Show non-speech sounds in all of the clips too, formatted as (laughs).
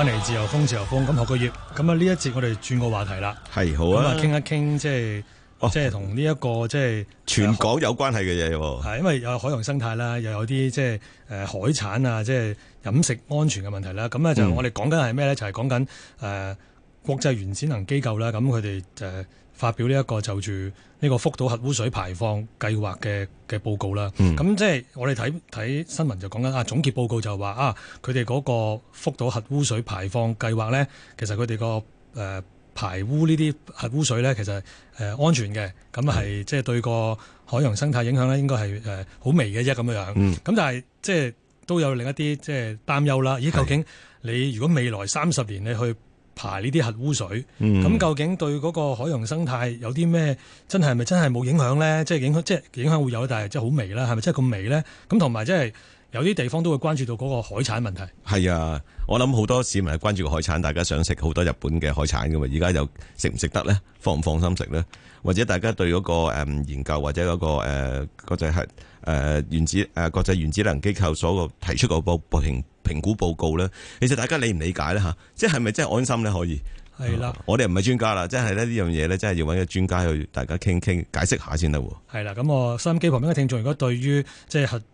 翻嚟自由風自由風咁學個業，咁啊呢一節我哋轉個話題啦，係好啊，傾一傾即係、哦這個、即係同呢一個即係全港有關係嘅嘢喎，係因為有海洋生態啦，又有啲即係誒海產啊，即係飲食安全嘅問題啦，咁啊、嗯、就我哋講緊係咩咧？就係講緊誒國際原子能機構啦，咁佢哋就係。發表呢一個就住呢個福島核污水排放計劃嘅嘅報告啦。咁、嗯、即係我哋睇睇新聞就講緊啊，總結報告就話啊，佢哋嗰個福島核污水排放計劃咧，其實佢哋個呃、排污呢啲核污水咧，其實係安全嘅，咁係即係對個海洋生態影響咧，應該係呃、好微嘅啫咁樣。咁但係即係都有另一啲即係擔憂啦。咦，究竟你如果未來三十年你去排呢啲核污水，咁究竟對嗰個海洋生態有啲咩真係咪真係冇影響咧？即係影響，即係影響會有，但係即係好微啦，係咪真係咁微咧？咁同埋即係。有啲地方都會關注到嗰個海產問題。係啊，我諗好多市民係關注海產，大家想食好多日本嘅海產噶嘛？而家又食唔食得咧？放唔放心食咧？或者大家對嗰個研究或者嗰、嗰個誒、呃、國際係、呃、原子誒、呃、國際原子能機構所提出個報，報評，評估報告咧？其實大家理唔理解咧？吓，即係咪真係安心咧？可以係啦的、嗯。我哋唔係專家啦，即係呢樣嘢咧，真係要搵個專家去大家傾傾解釋下先得喎。係啦，咁我收音機旁邊嘅聽眾，如果對於即係核，就是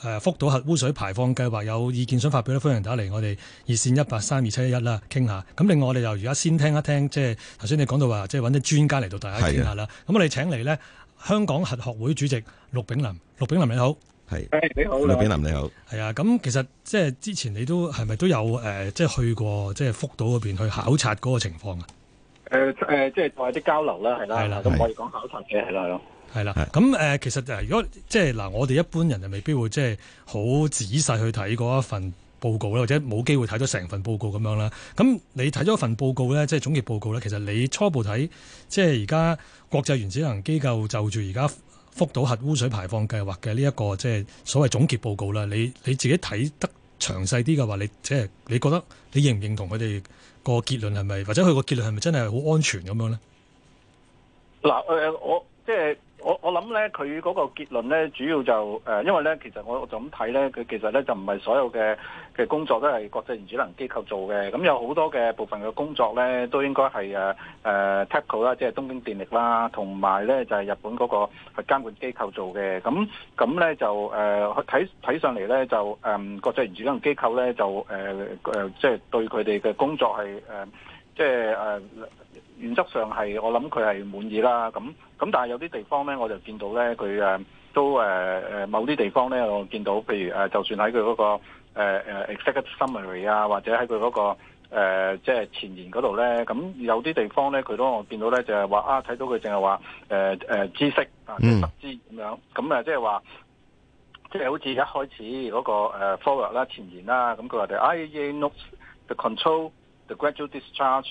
誒福島核污水排放計劃有意見想發表咧，歡迎大家嚟我哋熱線一八三二七一一啦傾下。咁另外我哋又而家先聽一聽，即係頭先你講到話，即係搵啲專家嚟到大家傾下啦。咁的我哋請嚟呢香港核學會主席陸炳林。陸炳林你好，係，你好，陸炳林你好，係啊。咁其實即係之前你都係咪都有誒即係去過即係福島嗰邊去考察嗰個情況啊？誒誒、呃呃，即係同啲交流啦，係啦，咁可以講考察嘅，係啦，係啦，係啦，咁誒、呃，其實誒，如、呃、果即係嗱、呃，我哋一般人就未必會即係好仔細去睇嗰一份報告啦，或者冇機會睇到成份報告咁樣啦。咁你睇咗份報告咧，即係總結報告咧，其實你初步睇，即係而家國際原子能機構就住而家福島核污水排放計劃嘅呢一個即係所謂總結報告啦，你你自己睇得詳細啲嘅話，你即係你覺得你認唔認同佢哋？個結論係咪，或者佢個結論係咪真係好安全咁樣咧？嗱，呃，我即係。我我諗咧，佢嗰個結論咧，主要就誒，因為咧，其實我我就咁睇咧，佢其實咧就唔係所有嘅嘅工作都係國際原子能機構做嘅，咁有好多嘅部分嘅工作咧，都應該係誒誒 TEPCO 啦，即係東京電力啦，同埋咧就係日本嗰個監管機構做嘅，咁咁咧就誒睇睇上嚟咧就誒國際原子能機構咧就誒誒即係對佢哋嘅工作係誒即係誒。原則上係，我諗佢係滿意啦。咁咁，但係有啲地方咧，我就見到咧，佢誒都誒誒、呃、某啲地方咧，我見到，譬如誒，就算喺佢嗰個誒、呃、Executive Summary 啊，或者喺佢嗰個即係、呃就是、前言嗰度咧，咁有啲地方咧，佢都我見到咧，就係、是、話啊，睇到佢淨係話誒誒知識啊，即知咁、mm. 樣。咁啊，即係話即係好似一開始嗰、那個 Forward 啦、前言啦、啊，咁佢話哋 IAEA notes the control the gradual discharge。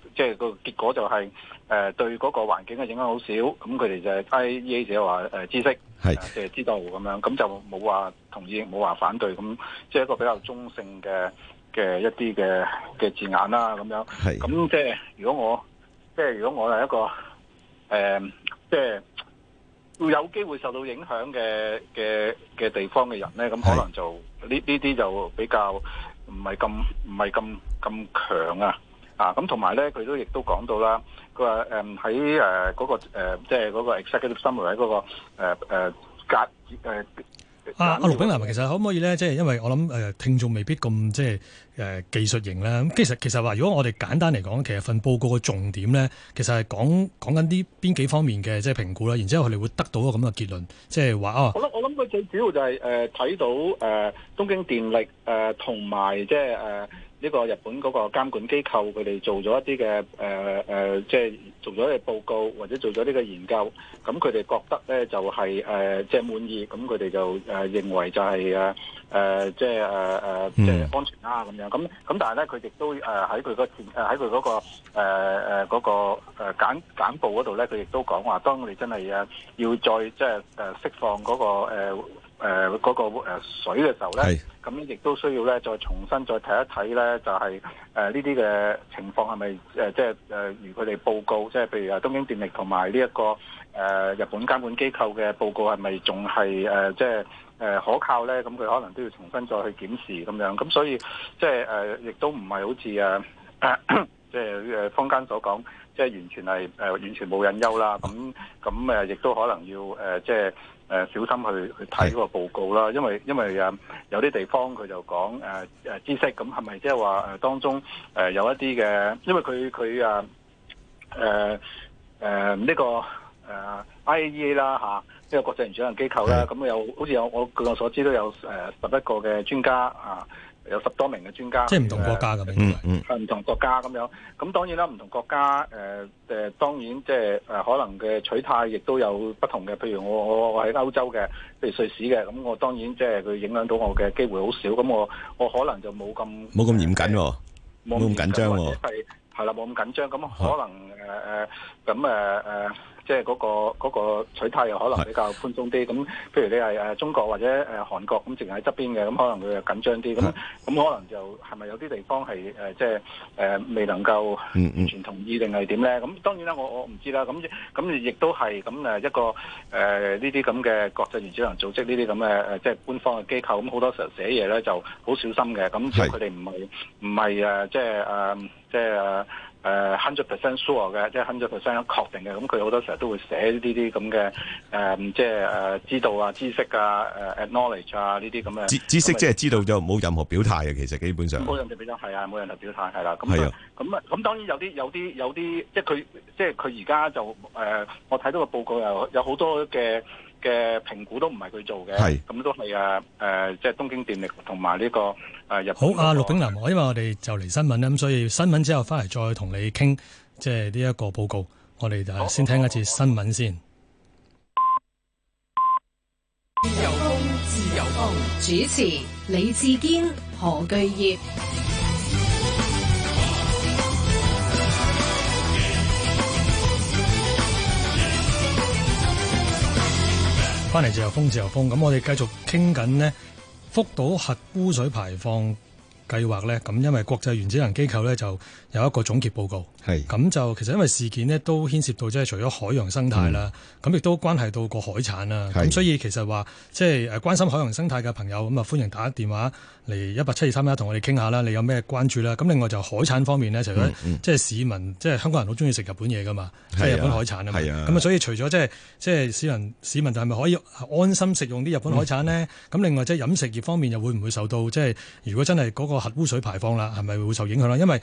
即係個結果就係誒對嗰個環境嘅影響好少，咁佢哋就係 IAEA 者話誒知識，即係知道咁樣，咁就冇話同意，冇話反對，咁即係一個比較中性嘅嘅一啲嘅嘅字眼啦，咁樣。係。咁即係如果我即係如果我係一個誒，即係會有機會受到影響嘅嘅嘅地方嘅人咧，咁可能就呢呢啲就比較唔係咁唔係咁咁強啊。咁同埋咧，佢都亦都講到啦。佢話誒喺誒嗰個、呃、即係嗰、那個 executive summary 喺、那、嗰個誒、呃、隔誒。阿阿陸炳林，其實可唔可以咧？即係因為我諗誒、呃、聽眾未必咁即係誒技術型咧。咁其實其實話，如果我哋簡單嚟講，其實份報告個重點咧，其實係講講緊啲邊幾方面嘅即係評估啦。然之後佢哋會得到個咁嘅結論，即係話哦。我諗我諗，佢最主要就係誒睇到誒、呃、東京電力誒同埋即係誒。呃呢個日本嗰個監管機構佢哋做咗一啲嘅誒誒，即係做咗嘅報告或者做咗呢個研究，咁佢哋覺得咧就係誒即係滿意，咁佢哋就誒認為就係誒誒即係誒誒即係安全啦咁樣。咁咁但係咧佢亦都誒喺佢個誒喺佢嗰個誒誒嗰個誒簡簡報嗰度咧，佢亦都講話，當你真係啊要再即係誒釋放嗰個誒。誒嗰個誒水嘅時候咧，咁亦是都需要咧再重新再睇一睇咧，就係誒呢啲嘅情況係咪誒即係誒如佢哋報告，即係譬如啊東京電力同埋呢一個誒日本監管機構嘅報告係咪仲係誒即係誒可靠咧？咁佢可能都要重新再去檢視咁樣，咁所以即係誒亦都唔係好似誒即係誒坊間所講。即係完全係誒、呃、完全冇隱憂啦，咁咁誒亦都可能要誒即係誒小心去去睇個報告啦，因為因為啊有啲地方佢就講誒誒知識，咁係咪即係話誒當中誒有一啲嘅，因為佢佢啊誒誒呢個誒 IAEA 啦嚇，呢、這個國際原子能機構啦，咁的有好似有我據我所知都有誒十一個嘅專家啊。有十多名嘅專家，即係唔同國家咁樣，係唔、嗯嗯、同國家咁樣。咁當然啦，唔同國家誒誒，當然即係誒可能嘅取態亦都有不同嘅。譬如我我我喺歐洲嘅，譬如瑞士嘅，咁、嗯、我當然即係佢影響到我嘅機會好少。咁、嗯、我我可能就冇咁冇咁嚴謹，啊，冇咁緊張。係係啦，冇咁緊張。咁可能誒誒，咁誒誒。即係嗰個嗰個取態又可能比較寬鬆啲，咁譬如你係誒中國或者誒韓國咁，淨係喺側邊嘅，咁可能佢又緊張啲，咁咁可能就係咪有啲地方係誒即係誒未能夠完全同意定係點咧？咁當然啦，我我唔知啦，咁咁亦都係咁誒一個誒呢啲咁嘅國際原子能組織呢啲咁嘅誒即係官方嘅機構，咁好多時候寫嘢咧就好小心嘅，咁佢哋唔係唔係誒即係誒即係。誒 hundred percent sure 嘅，即係 hundred percent 確定嘅，咁佢好多時候都會寫呢啲咁嘅呃，即係呃，知道啊、知識啊、呃 acknowledge 啊呢啲咁嘅知知識即係知道就冇任何表態嘅，其實基本上冇任何表態，係啊，冇任何表態，係啦，咁係咁啊，咁的當然有啲有啲有啲，即係佢即係佢而家就呃，我睇到個報告又有好多嘅。嘅評估都唔係佢做嘅，咁都係誒誒，即係東京電力同埋呢個誒日本。好啊，陸炳林，因為我哋就嚟新聞喇，咁所以新聞之後翻嚟再同你傾，即係呢一個報告，我哋就係先聽一次新聞先。自由風，自由風，主持李志堅、何巨業。返嚟自由風，自由風。咁我哋繼續傾緊呢福島核污水排放計劃呢。咁因為國際原子能機構呢就有一個總結報告。係咁就其實因為事件呢都牽涉到即係除咗海洋生態啦，咁亦、嗯、都關係到個海產啦。咁是所以其實話即係誒關心海洋生態嘅朋友咁啊，歡迎打電話嚟一八七二三一，同我哋傾下啦。你有咩關注啦？咁另外就海產方面呢，除咗即係市民即係、嗯、香港人好中意食日本嘢噶嘛，即係、啊、日本海產啊嘛。咁啊，所以除咗即係即係市民市民，係咪可以安心食用啲日本海產呢？咁、嗯、另外即係飲食業方面又會唔會受到即係如果真係嗰個核污水排放啦，係咪會受影響啦？因為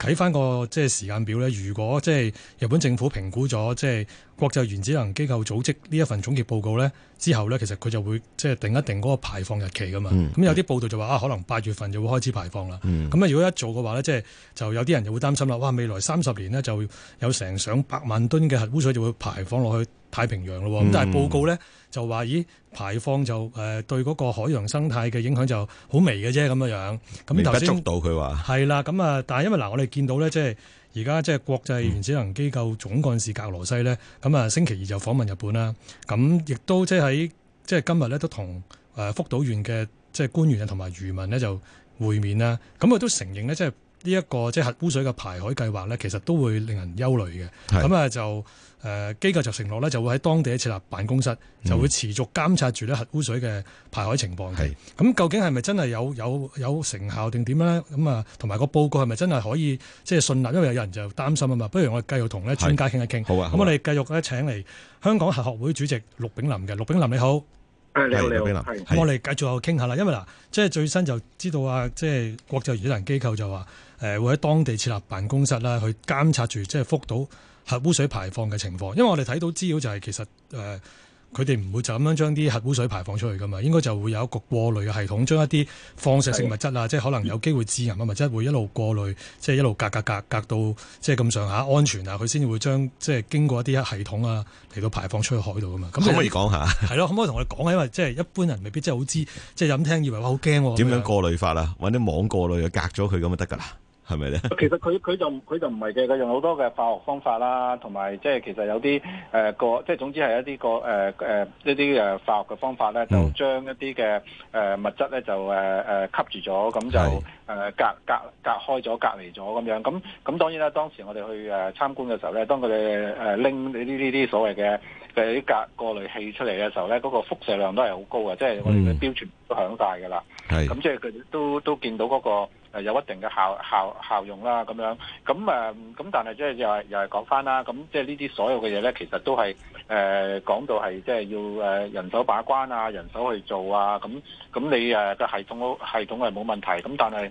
睇翻個即係時間表呢，如果即係日本政府評估咗，即係。國際原子能機構組織呢一份總結報告咧，之後咧其實佢就會即係定一定嗰個排放日期噶嘛。咁、嗯、有啲報道就話啊，可能八月份就會開始排放啦。咁啊、嗯，如果一做嘅話咧，即、就、係、是、就有啲人就會擔心啦。哇，未來三十年呢，就有成上百萬噸嘅核污水就會排放落去太平洋咯。咁、嗯、但係報告咧就話，咦排放就誒、呃、對嗰個海洋生態嘅影響就好微嘅啫咁樣樣。咁頭先捉到佢話係啦。咁啊，但係因為嗱，我哋見到咧即係。而家即係國際原子能機構總幹事格羅西咧，咁啊、嗯、星期二就訪問日本啦。咁亦都即係喺即係今日都同福島縣嘅即係官員啊同埋漁民咧就會面啦。咁佢都承認咧、即係。呢一、這個即係核污水嘅排海計劃咧，其實都會令人憂慮嘅。咁啊是，那就誒呃機構就承諾咧，就會喺當地設立辦公室，嗯、就會持續監察住咧核污水嘅排海情況嘅。咁是究竟係咪真係有有有成效定點咧？咁啊，同埋個報告係咪真係可以即係信納？因為有人就擔心啊嘛。不如我哋繼續同咧專家傾一傾。好啊。咁、啊、我哋繼續咧請嚟香港核學會主席陸炳林嘅。陸炳林你好。啊、你好，陸炳林，我哋繼續又傾下啦。是因為嗱，即、就、係、是、最新就知道啊，即、就、係、是、國際原子能機構就話，誒、呃、會喺當地設立辦公室啦，去監察住即係福島核污水排放嘅情況。因為我哋睇到資料就係其實誒。呃佢哋唔會就咁樣將啲核污水排放出去噶嘛，應該就會有一個過濾嘅系統，將一啲放射性物質啊，是的 即係可能有機會致癌啊，咪即係會一路過濾，即係一路隔隔隔隔，隔到即係咁上下安全啊，佢先至會將即係經過一啲系統啊嚟到排放出去海度噶嘛。咁可唔可以講下？係咯，可唔可以同我哋講下？因為即係一般人未必真係好知，即係咁聽以為話好驚。點樣過濾法啊？揾啲說網過濾，隔咗佢咁就得㗎啦。係咪咧？是是其實佢佢就佢就唔係嘅，佢用好多嘅化學方法啦，同埋即係其實有啲誒、呃、個，即係總之係一啲個誒誒一啲誒化學嘅方法咧，嗯、就將一啲嘅誒物質咧就誒誒、呃、吸住咗，咁就誒是隔隔隔開咗，隔離咗咁樣。咁咁當然啦，當時我哋去誒、呃、參觀嘅時候咧，當佢哋誒拎呢呢啲所謂嘅嘅啲隔過濾器出嚟嘅時候咧，嗰、那個輻射量都係好高嘅，嗯、即係我哋嘅標準都響晒噶啦。係咁即係佢都都見到嗰、那個。誒有一定嘅效效效用啦，咁樣咁誒咁，但係即係又係又係講翻啦，咁即係呢啲所有嘅嘢咧，其實都係誒講到係即係要誒人手把關啊，人手去做啊，咁咁你誒個系統系統係冇問題，咁但係誒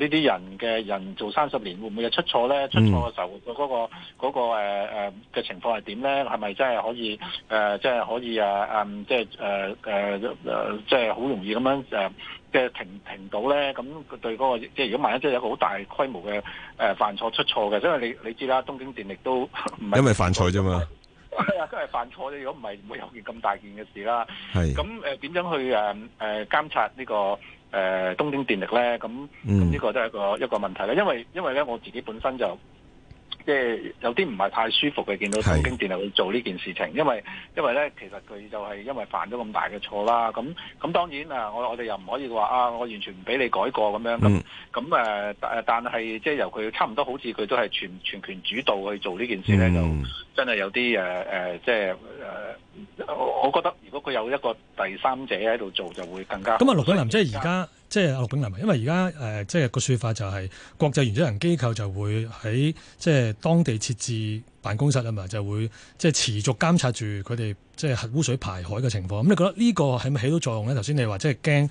呢啲人嘅人做三十年會唔會有出錯咧？出錯嘅時候嗰個嗰個誒誒嘅情況係點咧？係咪真係可以誒？即係可以誒誒？即係誒誒誒？即係好容易咁樣誒？呃停停到咧，咁對嗰、嗰個即係如果萬一真係有一個好大規模嘅、呃、犯錯出錯嘅，因為你你知啦，東京電力都唔係因為犯， (laughs) 犯錯啫嘛，係啊，因為犯錯咧，如果唔係唔會有件咁大件嘅事啦。咁誒是，點、呃、樣去誒誒、呃、監察呢、呢個誒、呃、東京電力咧？咁咁呢個都係一個一個問題啦。因為因為咧，我自己本身就。即係有啲唔係太舒服嘅，見到曾經電流去做呢件事情，因為因為咧，其實佢就係因為犯咗咁大嘅錯啦。咁咁當然啊，我我哋又唔可以話啊，我完全唔俾你改過咁樣咁咁誒誒，但係即係由佢差唔多好似佢都係全全權主導去做呢件事咧，嗯、就真係有啲誒誒，即係誒，我覺得如果佢有一個第三者喺度做，就會更加、嗯。咁啊，陸炳林，即係而家。即係陸炳林因為而家誒，即係個説法就係國際原子能機構就會喺即係當地設置辦公室啊嘛，就會即係持續監察住佢哋即係污水排海嘅情況。咁、嗯、你覺得呢個係咪起到作用咧？頭先你話即係驚，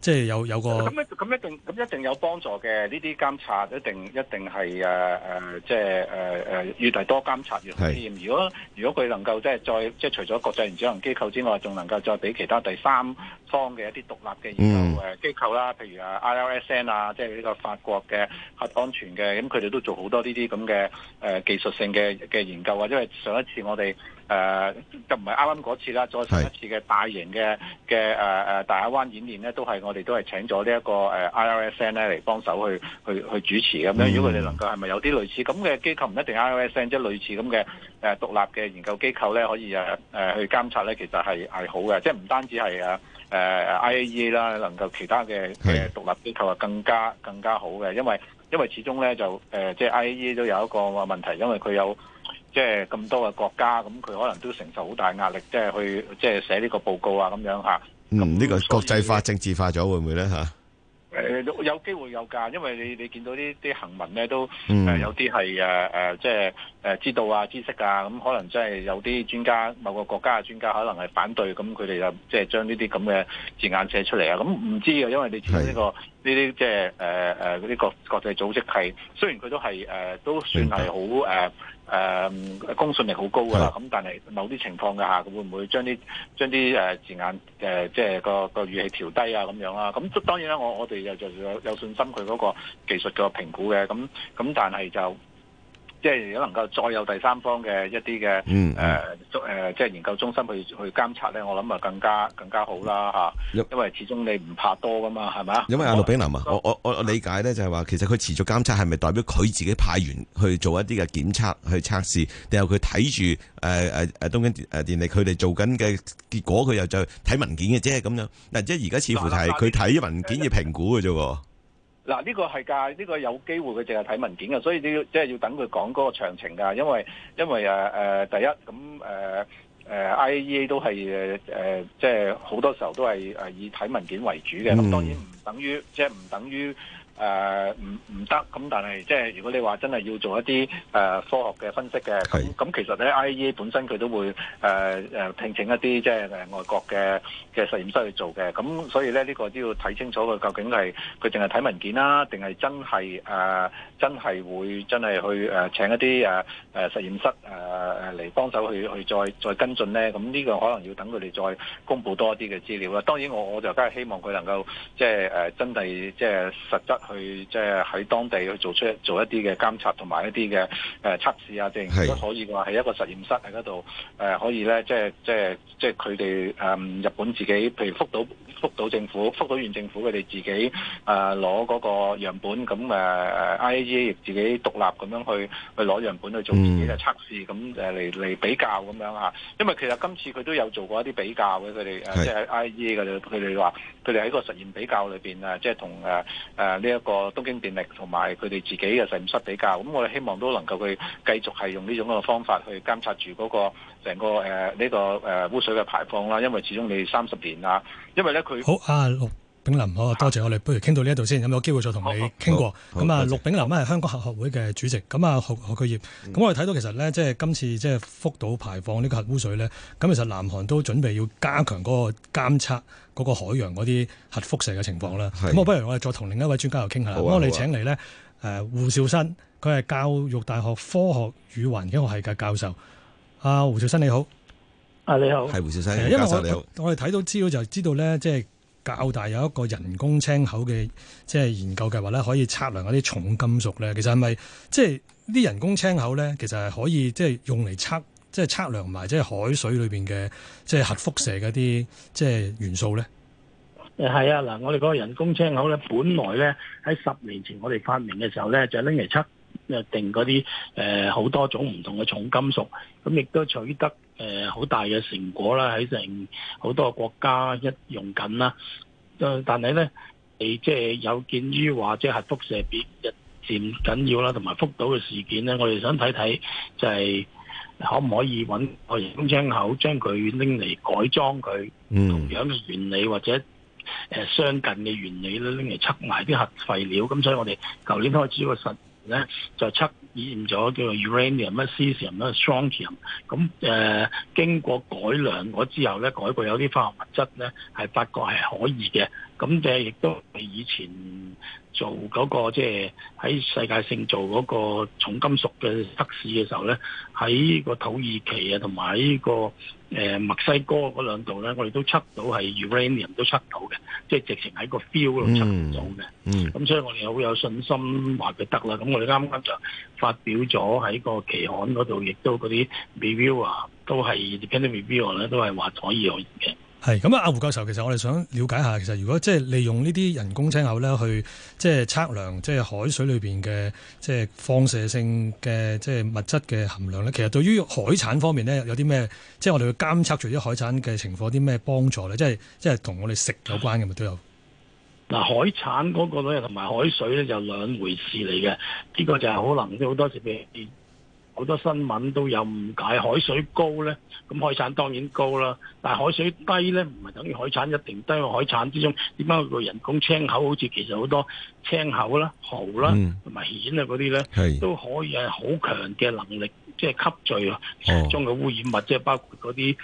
即係有有個咁咁、嗯嗯嗯嗯嗯嗯嗯、一定咁、嗯、一定有幫助嘅。呢啲監察一定一定係誒誒，即係誒誒，越嚟多監察越體是如果如果佢能夠即係再即係除咗國際原子能機構之外，仲能夠再俾其他第三。方嘅一啲獨立嘅研究誒機構啦，譬、嗯、如啊 IRSN 啊，即係呢個法國嘅核安全嘅，咁佢哋都做好多呢啲咁嘅誒技術性嘅嘅研究啊，因為上一次我哋誒、呃、就唔係啱啱嗰次啦，再上一次嘅大型嘅嘅誒誒大亞灣演練咧，都係我哋都係請咗呢一個誒 IRSN 咧嚟幫手去去去主持咁樣。嗯、如果佢哋能夠係咪有啲類似咁嘅機構，唔一定 IRSN，即係類似咁嘅誒獨立嘅研究機構咧，可以誒誒、呃、去監察咧，其實係係好嘅，即係唔單止係啊。誒、呃、I A E 啦，能夠其他嘅誒、呃、獨立機構啊，更加更加好嘅，因為因為始終咧就、呃、即係 I A E 都有一個問題，因為佢有即係咁多嘅國家，咁、嗯、佢可能都承受好大壓力，即係去即係寫呢個報告啊咁樣嚇。咁呢個國際化、政治化咗會唔會咧嚇？誒有機會有㗎，因為你你見到啲啲行文咧都、嗯呃、有啲係誒即係誒知道啊知識啊，咁、嗯、可能真係有啲專家某個國家嘅專家可能係反對，咁佢哋就即係、就是、將呢啲咁嘅字眼寫出嚟啊！咁、嗯、唔知啊，因為你知呢個呢啲即係誒誒呢個國際組織係雖然佢都係誒、呃、都算係好誒。呃誒、呃、公信力好高㗎啦，咁但係某啲情況嘅下，佢會唔會將啲將啲誒字眼誒、呃、即係個個語氣調低啊咁樣啦、啊。咁當然啦，我我哋又就有有信心佢嗰個技術嘅評估嘅，咁咁但係就。即係如果能夠再有第三方嘅一啲嘅誒中誒，即係研究中心去去監察咧，我諗啊更加更加好啦嚇。啊、因為始終你唔怕多噶嘛，係咪？因為阿陸炳林啊，我我我我理解咧就係話，其實佢持續監測係咪代表佢自己派員去做一啲嘅檢測去測試，定係佢睇住誒誒誒東京誒電力佢哋做緊嘅結果，佢又再睇文件嘅啫咁樣。嗱，即係而家似乎就係佢睇文件要評估嘅啫喎。嗱，呢個係㗎，呢、這個有機會佢淨係睇文件嘅，所以你要即係要等佢講嗰個詳情㗎，因為因為誒誒、呃、第一咁誒誒 IAEA 都係誒誒，即係好多時候都係誒以睇文件為主嘅，咁當然唔等於、嗯、即係唔等於。誒唔唔得咁，但係即係如果你話真係要做一啲誒、呃、科學嘅分析嘅，咁的其實咧 IAEA、e、本身佢都會誒、呃、聘請一啲即係外國嘅嘅實驗室去做嘅，咁、嗯、所以咧呢、這個都要睇清楚佢究竟係佢淨係睇文件啦，定係真係啊、呃、真係會真係去誒請一啲誒誒實驗室誒嚟、呃、幫手去去再再跟進咧？咁、嗯、呢、這個可能要等佢哋再公布多啲嘅資料啦。當然我我就梗係希望佢能夠即係誒真係即係實質。去即係喺當地去做出做一啲嘅監察同埋一啲嘅誒測試啊，定如果可以嘅話，喺一個實驗室喺嗰度誒，可以咧即係即係即係佢哋誒，日本自己，譬如福島。覆到福島政府，福島縣政府，佢哋自己誒攞嗰個樣本，咁誒 IAEA 亦自己獨立咁樣去去攞樣本去做自己嘅測試，咁誒嚟嚟比較咁樣吓。因為其實今次佢都有做過一啲比較嘅，佢哋誒即係 IAEA 嘅，佢哋話佢哋喺個實驗比較裏邊啊，即係同誒誒呢一個東京電力同埋佢哋自己嘅實驗室比較。咁、嗯、我哋希望都能夠去繼續係用呢種嘅方法去監察住嗰、那個。成個誒呢、呃這個誒、呃、污水嘅排放啦，因為始終你三十年啊，因為咧佢好啊，陸炳林，啊，多謝我哋，不如傾到呢一度先，有冇機會再同你傾過？咁啊，陸那炳林咧係香港核學會嘅主席，咁啊核核學業，咁、嗯、我哋睇到其實咧，即係今次即係福島排放呢個核污水咧，咁其實南韓都準備要加強嗰個監測嗰個海洋嗰啲核輻射嘅情況啦。咁我、嗯、不如我哋再同另一位專家又傾下，咁、啊、我哋請嚟咧誒胡紹燊，佢係教育大學科學與環境學系嘅教授。啊胡紹燊你好，啊你好，係胡紹燊教授你好。我哋睇到資料就知道咧，即係較大有一個人工青口嘅，即係研究計劃咧，可以測量嗰啲重金屬咧。其實係咪即係啲人工青口咧？其實係可以即係用嚟測，即係測量埋即係海水裏邊嘅，即係核輻射嘅啲即係元素咧。誒，係啊，嗱，我哋嗰個人工青口咧，本來咧喺十年前我哋發明嘅時候咧，就拎嚟測。定嗰啲誒好多種唔同嘅重金屬，咁、嗯、亦都取得誒好、呃、大嘅成果啦，喺成好多國家一用緊啦、呃。但係呢，你、呃、即係有見於話即係核輻射比日漸緊要啦，同埋福島嘅事件呢，我哋想睇睇就係可唔可以揾外型窗口將佢拎嚟改裝佢，同樣嘅原理或者誒、呃、相近嘅原理咧拎嚟測埋啲核廢料。咁、嗯、所以我哋舊年開始個實咧就測驗咗叫做 uranium 啦、cesium、呃、啦、strontium 咁誒經過改良咗之後，咧，改過有啲化學物質，咧，係發覺係可以嘅。咁即係亦都係以前做嗰個，即係喺世界性做嗰個重金屬嘅測試嘅時候咧，喺個土耳其啊同埋呢個誒墨西哥嗰兩度咧，我哋都測到係 uranium 都測到嘅，即係直情喺個 field 度測到嘅。嗯，咁所以我哋好有信心話佢得啦。咁我哋啱啱就發表咗喺個期刊嗰度，亦都嗰啲 review 啊，depending viewer，都係 depending review 咧，都係話可以可以嘅。係咁啊，阿胡教授，其實我哋想了解下，其實如果即係利用呢啲人工青口咧，去即係測量即係海水裏面嘅即係放射性嘅即係物質嘅含量咧，其實對於海產方面咧，有啲咩即係我哋去監測除咗海產嘅情況，啲咩幫助咧？即係即係同我哋食有關嘅咪都有。嗱，海產嗰個咧同埋海水咧就是兩回事嚟嘅，呢，呢個就係可能好多時譬好多新聞都有誤解，海水高咧，咁海產當然高啦。但係海水低咧，唔係等於海產一定低。海產之中，點解個人工青口好似其實好多青口啦、蠔啦同埋蜆啊嗰啲咧，都可以係好強嘅能力，即係吸聚其中嘅污染物，即係包括嗰啲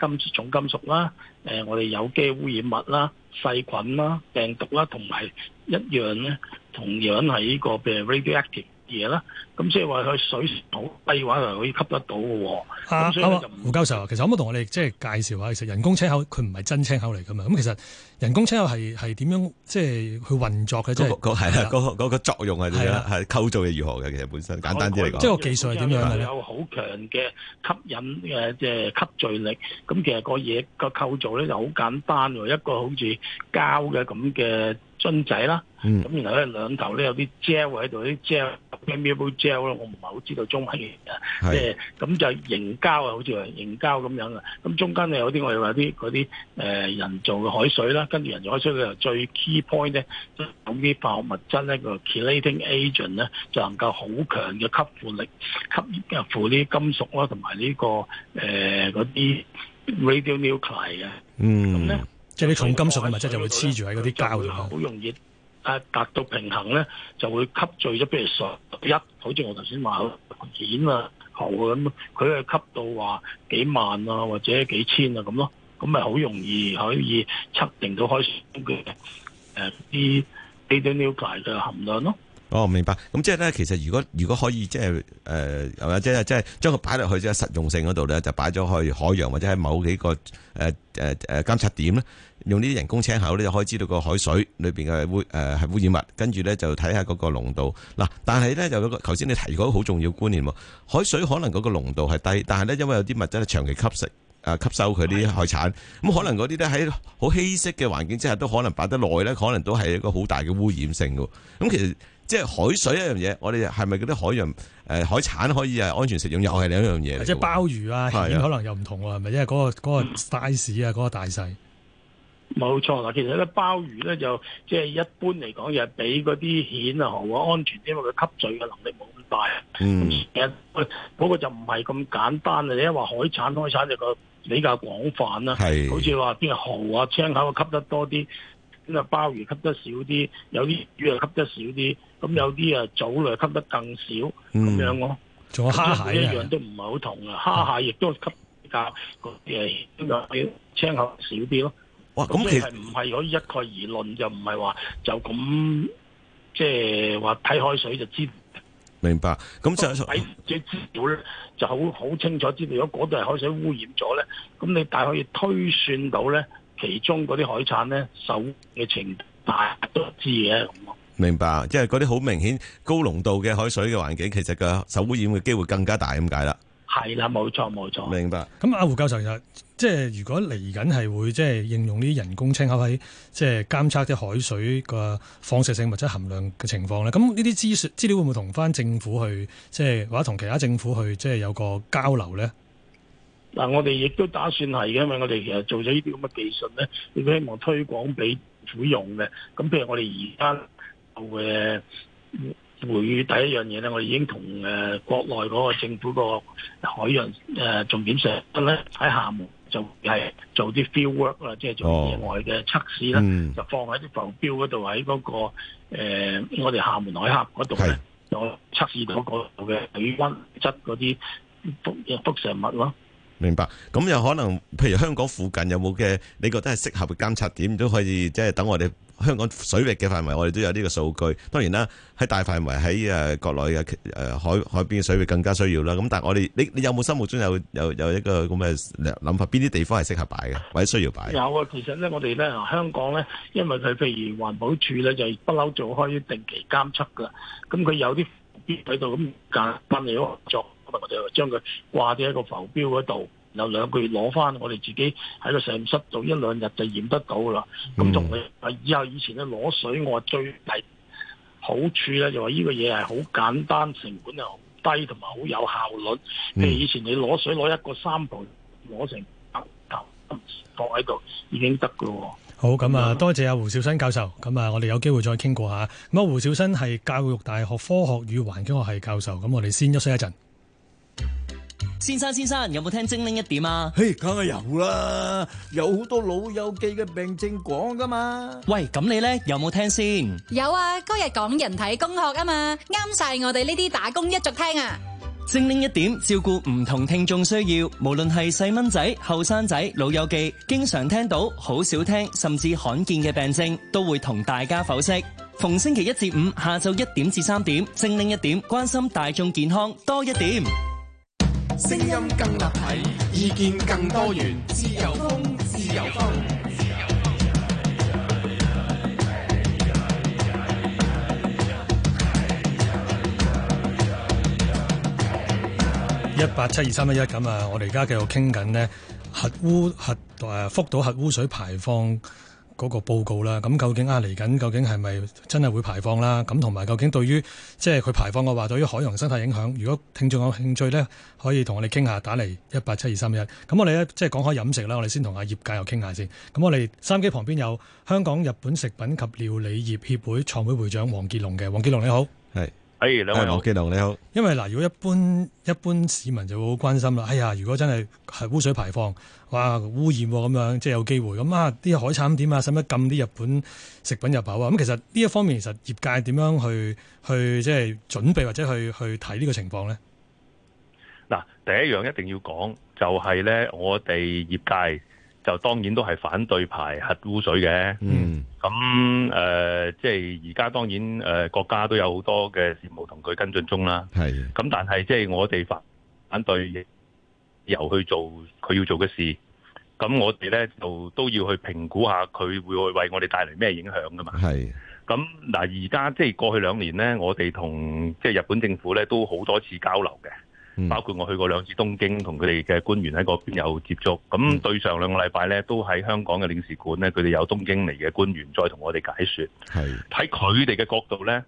金屬重金屬啦、誒我哋有機污染物啦、細菌啦、病毒啦，同埋一樣咧，同樣係呢個譬如 radioactive。嘢啦，咁即係話佢水好低嘅話，係可以吸得到嘅喎。咁所以就胡教授啊，其實可唔可以同我哋即係介紹下，其實人工青口佢唔係真青口嚟㗎嘛。咁其實人工青口係係點樣即係去運作嘅？即係嗰個係啦，嗰個嗰個作用係點啦？係構造係如何嘅？其實本身簡單啲嚟講，即係個技術係點樣嘅咧？有好強嘅吸引誒，即係吸聚力。咁其實個嘢個構造咧就好簡單喎，一個好似膠嘅咁嘅。樽仔啦，咁、嗯、然後咧兩頭咧有啲 gel 喺度，啲 gel maybe a bit gel 我唔係好知道中文嘅，即係咁就凝膠啊，好似話凝膠咁樣嘅。咁、嗯、中間咧有啲我哋話啲嗰啲誒人造嘅海水啦，跟住人造海水佢又最 key point 咧，咁、就、啲、是、化學物質咧個 chelating agent 咧，就能夠好強嘅吸附力，吸附啲金屬啦，同埋、這個呃嗯、呢個誒嗰啲 radionuclide 嘅，咁咧。即係啲重金屬嘅物質就會黐住喺嗰啲膠度，好容易誒達到平衡咧，就會吸聚咗。譬如十一，好似我頭先話，鉛啊、銅啊咁，佢係吸到話幾萬啊，或者幾千啊咁咯，咁咪好容易可以測定到海水嘅誒啲啲啲鈉鉀嘅含量咯。我、哦、明白，咁即係咧，其實如果如果可以，呃、即係誒，係咪即即係將佢擺落去即係實用性嗰度咧，就擺咗去海洋或者喺某幾個誒誒誒監察點咧，用呢啲人工青口咧，就可以知道個海水裏邊嘅污誒係、呃、污染物，跟住咧就睇下嗰個濃度。嗱，但係咧就嗰個頭先你提嗰個好重要觀念，海水可能嗰個濃度係低，但係咧因為有啲物質咧長期吸食誒吸收佢啲海產，咁的可能嗰啲咧喺好稀釋嘅環境之下都可能擺得耐咧，可能都係一個好大嘅污染性嘅。咁其實。即係海水一樣嘢，我哋係咪嗰啲海洋誒、呃、海產可以係安全食用？又係另一樣嘢嚟即係鮑魚啊，的蜆可能又唔同喎，係咪因為嗰個 size 啊，嗰、嗰個大細？冇、嗯、錯啦，其實咧鮑魚咧就即係一般嚟講，又係比嗰啲蜆啊蠔啊安全啲，因為佢吸聚嘅能力冇咁大。嗯，其實就唔係咁簡單啊！你一話海產海產，就個比較廣泛啦。係的，好似話啲個蠔啊青口啊吸得多啲，咁啊鮑魚吸得少啲，有啲魚啊吸得少啲。咁有啲啊，藻類吸得更少咁、嗯、樣咯，仲有蝦蟹一樣都唔係好同嘅。蝦蟹亦都吸得比較嗰啲係，青口比較少啲咯。哇！咁你係唔係可以一概而論？其就唔係話就咁即係話睇海水就知？明白。咁就睇啲資料咧，就好好清楚知道，如果嗰度係海水污染咗咧，咁你大可以推算到咧，其中嗰啲海產咧受嘅程度，大都知嘅。明白，即係嗰啲好明顯高濃度嘅海水嘅環境，其實個受污染嘅機會更加大，咁解啦。係啦，冇錯冇錯。明白。咁阿胡教授，其實即係如果嚟緊係會即係應用呢啲人工清口喺即係監測啲海水個放射性物質含量嘅情況咧，咁呢啲資資料會唔會同翻政府去即係或者同其他政府去即係有個交流咧？嗱，我哋亦都打算係嘅，因為我哋其實做咗呢啲咁嘅技術咧，亦都希望推廣俾政府用嘅。咁譬如我哋而家。回會第一樣嘢咧，我哋已經同誒國內嗰個政府個海洋誒重點社咧喺廈門就係做啲 field work 啦，即係做野外嘅測試啦，哦嗯、就放喺啲浮標嗰度，喺嗰、那個誒、呃、我哋廈門海峽嗰度咧，就測試嗰個嘅水温質嗰啲輻輻射物咯。明白，咁又可能譬如香港附近有冇嘅？你覺得係適合嘅監測點都可以，即係等我哋。香港水域嘅範圍，我哋都有呢個數據。當然啦，喺大範圍喺誒國內嘅誒海海邊嘅水域更加需要啦。咁但係我哋，你你有冇心目中有有有一個咁嘅諗法？邊啲地方係適合擺嘅，或者需要擺？有啊，其實咧，我哋咧香港咧，因為佢譬如環保署咧就係不嬲做開啲定期監測㗎。咁佢有啲浮標喺度，咁架翻嚟工作，咁啊我哋就將佢掛喺一個浮標嗰度。有兩個月攞翻，我哋自己喺個實驗室做一兩日就驗得到噶啦。咁同你啊，以後以前咧攞水我話最大好處咧，就話呢個嘢係好簡單，成本又低，同埋好有效率。譬、嗯、如以前你攞水攞一個三度攞成球放喺度已經得噶喎。好，咁啊，這樣 多謝阿胡紹燊教授。咁啊，我哋有機會再傾過下。咁啊，胡紹燊係教育大學科學與環境學系教授。咁我哋先休息一陣。先生，先生有冇聽精靈一點啊？嘿，梗係、hey, 有啦，有好多老友記嘅病症講噶嘛。喂，咁你呢有冇聽先？有啊，今日講人體工學啊嘛，啱晒我哋呢啲打工一族聽啊。精靈一點，照顧唔同聽眾需要，無論係細蚊仔、後生仔、老友記，經常聽到、好少聽、甚至罕見嘅病症，都會同大家剖析。逢星期一至五下晝一點至三點，精靈一點，關心大眾健康多一點。聲音更立體，意見更多元，自由風，自由風，自由風。一八七二三一一咁啊！我哋而家繼續傾緊呢核污核誒福島核污水排放。嗰個報告啦，咁究竟啊嚟緊，究竟係咪真係會排放啦？咁同埋究竟對於即係佢排放嘅話，對於海洋生態影響，如果聽眾有興趣呢，可以同我哋傾下，打嚟一八七二三一。咁我哋咧即係講開飲食啦，我哋先同阿業界又傾下先。咁我哋三機旁邊有香港日本食品及料理業協會創會會會長黃傑龍嘅，黃傑龍你好，係。係，哎，兩位好。因為嗱，如果一般一般市民就會好關心啦。哎呀，如果真係係污水排放，哇，污染咁樣啊，即係有機會咁啊，啲海產點啊，使唔使禁啲日本食品入口啊？咁其實呢一方面，其實業界點樣去去即係準備或者去去睇呢個情況呢？嗱，第一樣一定要講，就係咧，我哋業界。就當然都係反對排核污水嘅。嗯。咁誒、嗯呃，即係而家當然誒、呃、國家都有好多嘅事務同佢跟進中啦。係。咁但係即係我哋反反對由去做佢要做嘅事，咁我哋咧就都要去評估下佢會去為我哋帶嚟咩影響㗎嘛。係。咁嗱，而家、嗯呃、即係過去兩年咧，我哋同即係日本政府咧都好多次交流嘅。包括我去過兩次東京，同佢哋嘅官員喺個邊有接觸，咁對上兩個禮拜咧，都喺香港嘅領事館咧，佢哋有東京嚟嘅官員再同我哋解說，係的，喺佢哋嘅角度咧，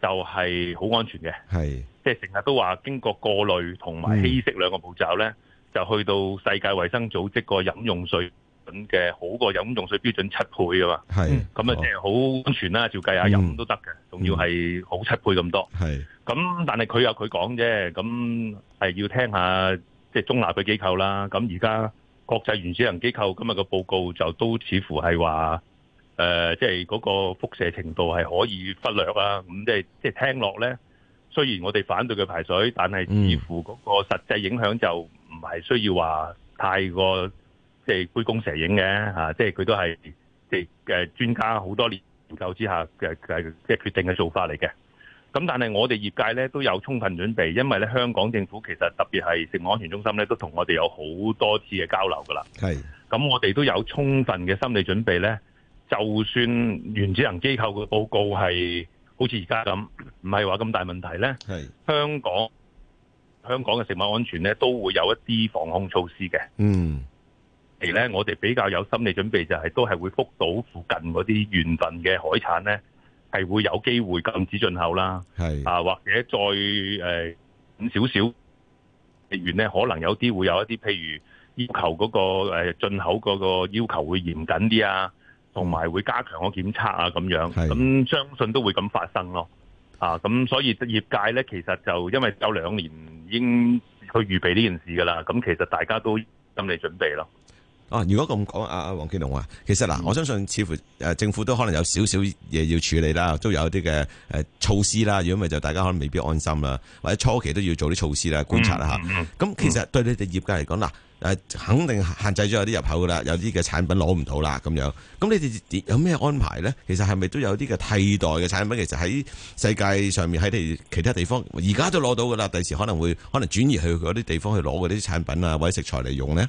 就係好安全嘅。係的，即係成日都話經過過濾同埋稀釋兩個步驟咧，就去到世界衛生組織個飲用水。嘅好過飲用水標準七倍啊嘛，係是，咁啊即係好安全啦、啊。哦、照計下飲都得嘅，仲、嗯、要係好七倍咁多。係是，咁、嗯、但係佢有佢講啫，咁係要聽一下即係、就是、中立嘅機構啦。咁而家國際原子能機構今日嘅報告就都似乎係話誒即係嗰個輻射程度係可以忽略啦、啊，咁即係即係聽落咧，雖然我哋反對佢排水，但係似乎嗰個實際影響就唔係需要話太過。即係杯弓蛇影嘅吓，即係佢都係即係專家好多年研究之下嘅，啊，即係決定嘅做法嚟嘅。咁但係我哋業界咧都有充分準備，因為咧香港政府其實特別係食物安全中心咧都同我哋有好多次嘅交流噶啦。係咁是，我哋都有充分嘅心理準備咧。就算原子能機構嘅報告係好似而家咁，唔係話咁大問題咧。係是香港香港嘅食物安全咧都會有一啲防控措施嘅。嗯。係咧，我哋比較有心理準備，就係都係會福島附近嗰啲縣份嘅海產咧，係會有機會禁止進口啦。係啊，或者再誒短少少，遠咧可能有啲會有一啲，譬如要求嗰個誒進口嗰個要求會嚴謹啲啊，同埋會加強個檢測啊，咁樣，咁相信都會咁發生咯。啊，咁所以業界咧其實就因為有兩年已經去預備呢件事㗎啦，咁其實大家都心理準備咯。哦、啊，如果咁講，阿阿黃傑龍話，其實嗱，嗯、我相信似乎政府都可能有少少嘢要處理啦，都有啲嘅措施啦，如果咪就大家可能未必安心啦，或者初期都要做啲措施啦、觀察啦吓咁、嗯、其實對你哋業界嚟講，嗱肯定限制咗有啲入口噶啦，有啲嘅產品攞唔到啦咁樣。咁你哋有咩安排咧？其實係咪都有啲嘅替代嘅產品？其實喺世界上面喺你其他地方，而家都攞到噶啦，第時可能會可能轉移去嗰啲地方去攞嗰啲產品啊，或者食材嚟用咧。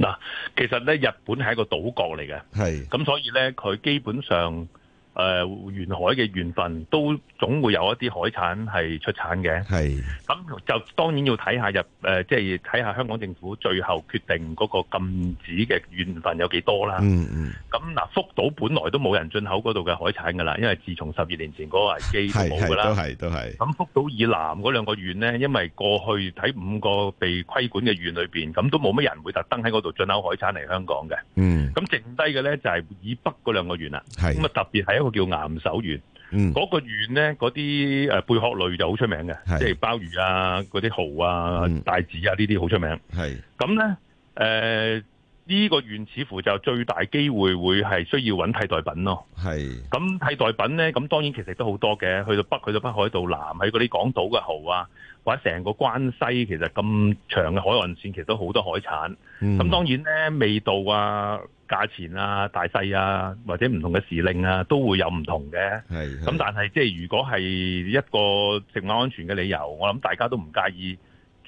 嗱，其實咧，日本係一個島國嚟嘅，係咁是所以咧，佢基本上。誒、呃、沿海嘅縣份都總會有一啲海產係出產嘅，係咁是就當然要睇下入誒，即係睇下香港政府最後決定嗰個禁止嘅縣份有幾多啦。嗯嗯。咁嗱，福島本來都冇人進口嗰度嘅海產㗎啦，因為自從十二年前嗰、那個危機冇㗎啦。係係，都係都係。咁福島以南嗰兩個縣咧，因為過去喺五個被規管嘅縣裏邊，咁都冇乜人會特登喺嗰度進口海產嚟香港嘅。嗯。咁剩低嘅呢，就係、是、以北嗰兩個縣啦、啊。咁啊是特別喺。一個叫岩手縣，嗯，嗰個縣咧，嗰啲誒貝殼類就好出名嘅，是即係鮑魚啊，嗰啲蚝啊、嗯、帶子啊呢啲好出名。係咁咧，誒、嗯，呢、呃這個縣似乎就最大機會會係需要揾替代品咯。係咁是替代品咧，咁當然其實都好多嘅，去到北去到北海道，南喺嗰啲港島嘅蚝啊，或者成個關西其實咁長嘅海岸線，其實都好多海產。咁、嗯、當然咧，味道啊～價錢啊、大細啊，或者唔同嘅時令啊，都會有唔同嘅。係係係。咁但係即係如果係一個食物安全嘅理由，我諗大家都唔介意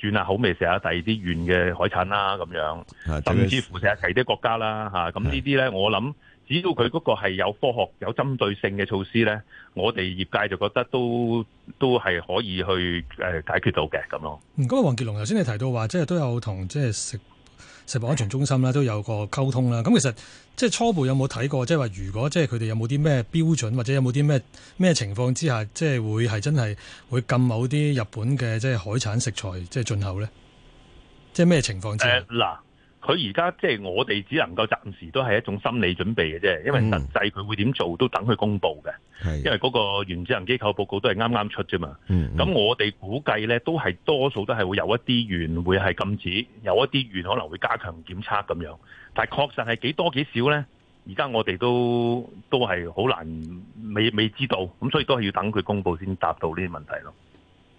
轉下口味，食下第二啲遠嘅海產啦、啊，咁樣。係係甚至乎食下其他國家啦、啊，嚇。咁呢啲呢，我諗只要佢嗰個係有科學、有針對性嘅措施呢，我哋業界就覺得都都係可以去誒、呃、解決到嘅咁咯。嗯，咁啊，黃傑龍，頭先你提到嘅話，即係都有同即係食。食物安全中心啦都有個溝通啦，咁其實即係初步有冇睇過，即係話如果即係佢哋有冇啲咩標準，或者有冇啲咩咩情況之下，即係會係真係會禁某啲日本嘅即係海產食材即係進口呢？即係咩情況之下嗱。佢而家即係我哋只能夠暫時都係一種心理準備嘅啫，因為實際佢會點做都等佢公布嘅，因為嗰個原子能機構報告都係啱啱出啫嘛。咁我哋估計咧都係多數都係會有一啲原會係禁止，有一啲原可能會加強檢測咁樣，但係確實係幾多幾少咧？而家我哋都都係好難未未知道，咁所以都係要等佢公布先答到呢啲問題咯。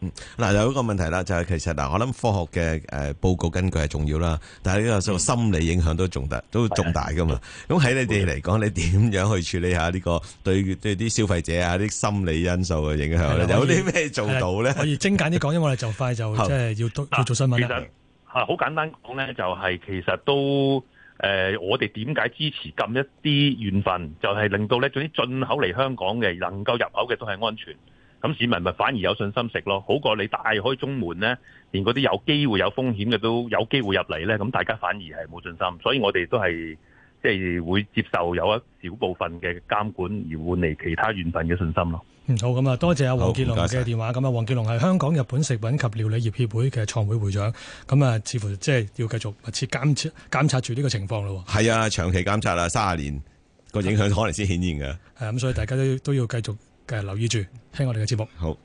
嗯，嗱，有一個問題啦，就係其實嗱，我諗科學嘅誒報告根據係重要啦，但係呢個受心理影響都重大，都重大噶嘛。咁喺你哋嚟講，你點樣去處理下呢個對對啲消費者啊啲心理因素嘅影響咧？有啲咩做到咧？可以精簡啲講，因為我哋就快就即係要要做新聞啦。其實好簡單講咧，就係其實都誒，我哋點解支持禁一啲縣份？就係令到咧，總之進口嚟香港嘅能夠入口嘅都係安全。咁市民咪反而有信心食咯，好過你大開中門咧，連嗰啲有機會有風險嘅都有機會入嚟咧，咁大家反而係冇信心。所以我哋都係即係會接受有一小部分嘅監管，而換嚟其他部分嘅信心咯。嗯，好，咁啊，多謝阿黃傑龍嘅電話。咁啊，黃傑龍係香港日本食品及料理業協會嘅創會會長。咁啊，似乎即係要繼續密切監察監察住呢個情況咯。係啊，長期監察啦，三十年個影響可能先顯現㗎。係啊，咁所以大家都都要繼續。繼續留意住，聽我哋嘅節目。好。